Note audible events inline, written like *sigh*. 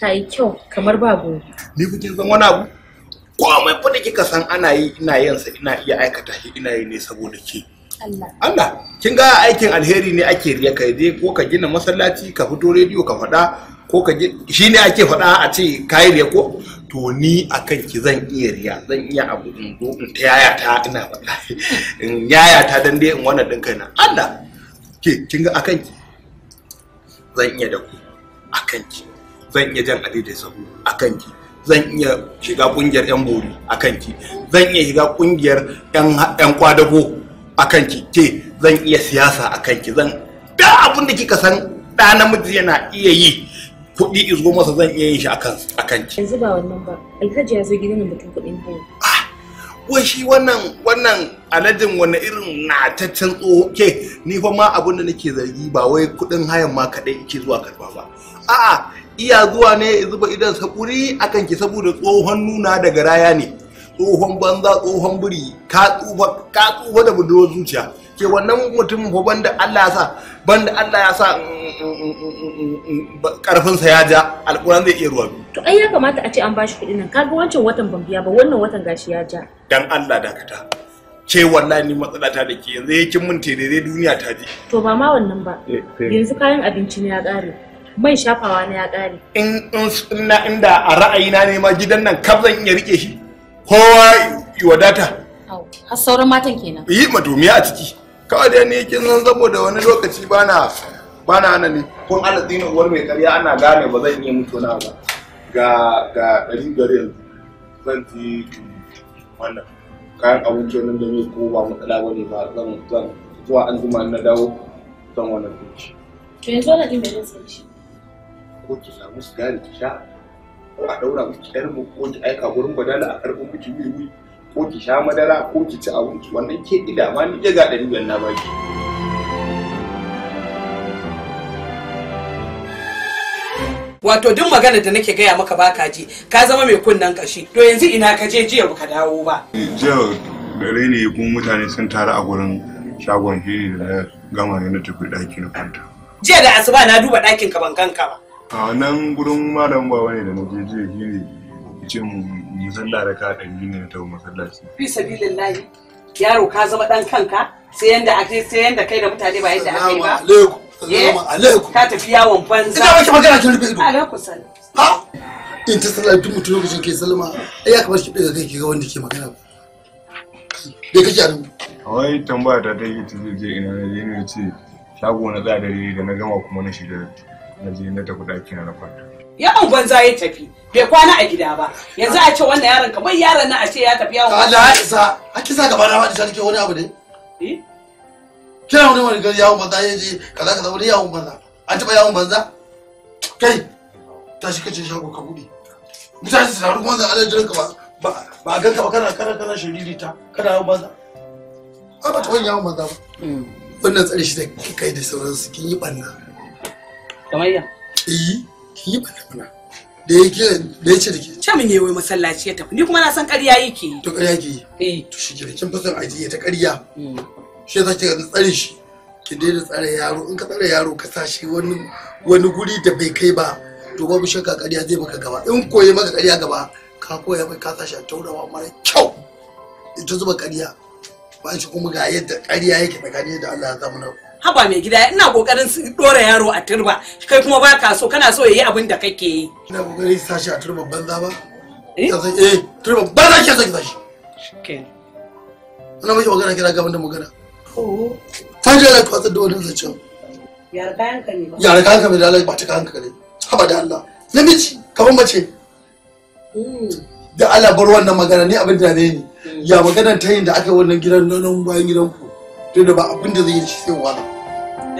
ta yi kyau kamar ba gobe ni kuke san wani abu komai fa da kika san ana yi ina yin sa ina iya aikata shi ina yi ne saboda ke Allah Allah kin ga aikin alheri ne ake riya ka je, ko ka gina masallaci ka fito rediyo ka faɗa ko ka shi ne ake faɗa a ce kayi riya ko to ni a kan ki zan iya riya zan iya abu in zo in ta yaya ta ina faɗa *laughs* in yaya ta dan dai in wani din kaina Allah ke kin ga kan ki zan iya da ku kan ki zan iya jan ali da sahu a kanki zan iya shiga kungiyar yan bori a kanki zan iya shiga kungiyar yan kwadago a kanki ke zan iya siyasa a kanki zan da abin da kika san da namiji yana iya yi kuɗi izo masa zan iya yin shi a kanki yanzu ba wannan ba alhaji ya zo gidan mutum kuɗin haya ah, wai shi wannan wannan aladin wannan irin nataccen tsoho ke ni fa ma abin da nake zargi ba wai kuɗin hayan ma kaɗai ke zuwa karba ba a'a iya zuwa ne ya zuba idan sakuri akan ki saboda tsohon nuna daga raya ne tsohon banza tsohon buri ka tsufa da budo zuciya ke wannan mutum fa banda Allah ya sa banda Allah ya sa mm, mm, mm, sa ya ja alquran zai iya ruwa biyu. To ai ya kamata a ce an bashi kuɗin nan kaga wancan watan ban biya ba wannan watan gashi ya ja. Dan Allah dakata. Ke wallahi ni matsala ta dake yanzu yakin mun tere duniya ta ji. To ba ma wannan ba. Eh, yanzu kayan abinci ne ya ƙare. man shafawa na ya ƙare. In ina inda a ra'ayina ne ma gidan nan kaf zan iya rike shi kowa yi wadata. Har sauran matan kenan. Yi matumiya a ciki. Kawai dai ne kin san saboda wani lokaci bana bana nan ne kun ala dinin uwar mai karya ana gane ba zan iya mutu na ba. Ga ga ɗari gari zan ci wannan kayan abinci wannan da ko ba matsala bane ba zan zan zuwa an zuma na dawo zan wannan abinci. To yanzu wannan ɗin da zan sai shi. ko ki samu sigari ki sha ko a daura miki yar mu ko ki aika gurin badala a karɓo miki wiwi ko ki sha madara ko ki ci abinci wannan ke ma ni ya ga ɗari biyar na baki. Wato duk magana da nake gaya maka baka ji ka zama mai kunnen kashi to yanzu ina ka je jiya ka dawo ba. Jiya gare ne kuma mutane sun taru a gurin shagon shi da gama yana tafi ɗaki na kwanta. Jiya da asuba na duba ɗakin ka ban kanka ba. a nan gurin malam ba ne da na je jiya shi ne ce mu sallah da ka ɗari gini na tawo masallaci fi sabilillahi yaro ka zama ɗan kanka sai yanda ake sai yanda kai da mutane ba yadda ake ba alaikum eh? alaikum ka tafi yawon banza ina maki magana kin rufe ido alaikum salam ha in ta sallah tun mutum lokacin ke salma ai ya kamar ki ɗaga kai ki ga wanda ke magana ba bai kake a wai tambaya ta ta yi ta je ina ne ne ce shago na tsaya dare da na gama kuma na shiga na je na tafi ɗakin na kwanta. Yawan banza ya tafi bai kwana a gida ba yanzu a ce wannan yaron ka kamar yaron na a ce ya tafi yawon. Allah ya isa a kisa gaba na faɗi sarki wani abu ne. Eh? Kina wani wani gari yawon banza ya je kaza kaza wani yawon banza an taɓa yawon banza kai tashi kace shago ka buɗe. Mutane su taru kuma zan alajiran ka ba ba a ganka ba kana kana kana ta kana yawon banza. Ba ba ta wani yawon banza ba. Hmm. Wannan tsari shi da kai da sauransu kin yi ɓanna. kamar ya eh kin yi fada fada da yake da yace da ke ce min wai masallaci ya tafi ni kuma na san ƙarya yake to ƙarya yake eh to shi ke kin fasan ajiye ta ƙarya hmm. shi yasa kika tsare shi ki daina tsare yaro in ka tsare yaro ka sa shi wani wani guri da bai kai ba to babu shakka ƙarya zai maka gaba in koyi maka ƙarya gaba ka koya mai ka sa shi a taurawa mara kyau ita zuba ƙarya ba shi kuma ga yadda ƙarya yake tsakani da Allah ya zama na haba mai gida ina kokarin su dora yaro a turba kai kuma ba ka so kana so yayi abin da kake yi ina kokarin sa shi a turba banza ba eh eh turba banza ke saki sashi shikenan ina miki magana kira gaban da magana oh ta je da kwatsa da wannan zancen yar kayan ka ne ba yar kayan ka ne da Allah ba ta kayan ka ne haba da Allah namiji kamar mace hmm. da Allah bar wannan magana ne abin da ne hmm. ya magana ta yin da aka wannan gidan nan bayan gidan ku to da ba abin da zai yi shi sai wala